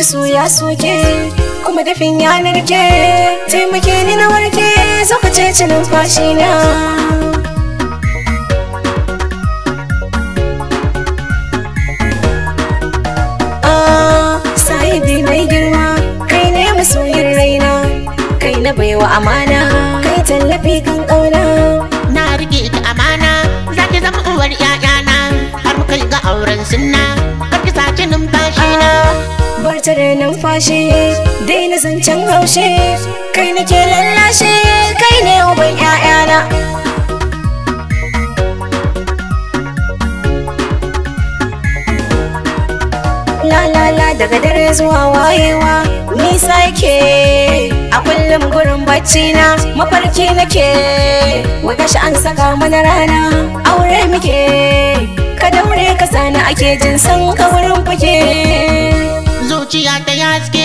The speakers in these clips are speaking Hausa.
ci so soke kuma dafin yanar ke taimake ni na warke zaka ce ci numfashi na Sahibi mai girma kai ne masoyin raina kai na baiwa amana kai tallafi kan ƙauna na rike ka amana zaki zama uwar 'ya'yana har kai ga auren sunna tare numfashi na zancen haushe kai nake lallashe kai ne uban 'ya'yana lalala daga dare zuwa wayewa nisa yake a kullum gurin bacci na mafarki nake wata shi an saka mana rana aure muke ka daure ka sani ake jin san ka wurin fuke she got the eyes.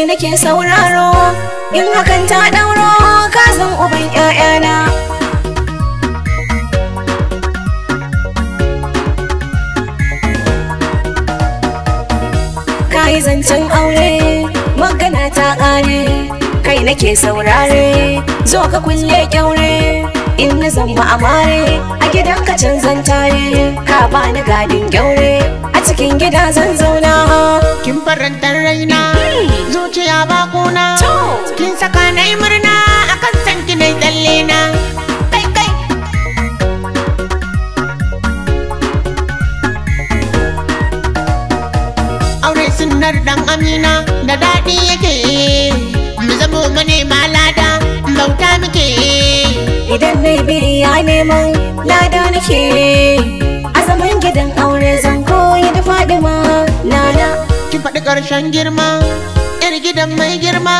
kai nake sauraro in hakan ta ɗauro san uban ƴaƴana kai zancen aure magana ta ƙare kai nake saurare zo ka kulle kyaure in na zamba amare a gidan ka zan tare ka ba ni gadin gyaure a cikin gida zan zauna kin farantar raina hmm. zo na yi murna akan sanki na tsalle na kai kai aure sunnar dan amina da daɗi yake mu zamo manema lada bauta muke idan na biri ya neman lada nake azamin gidan aure zan koyi da fadima lala ki faɗi ƙarshen girma 'yar gidan mai girma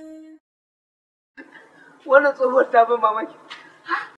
wannan tsohuwar ta ban mamaki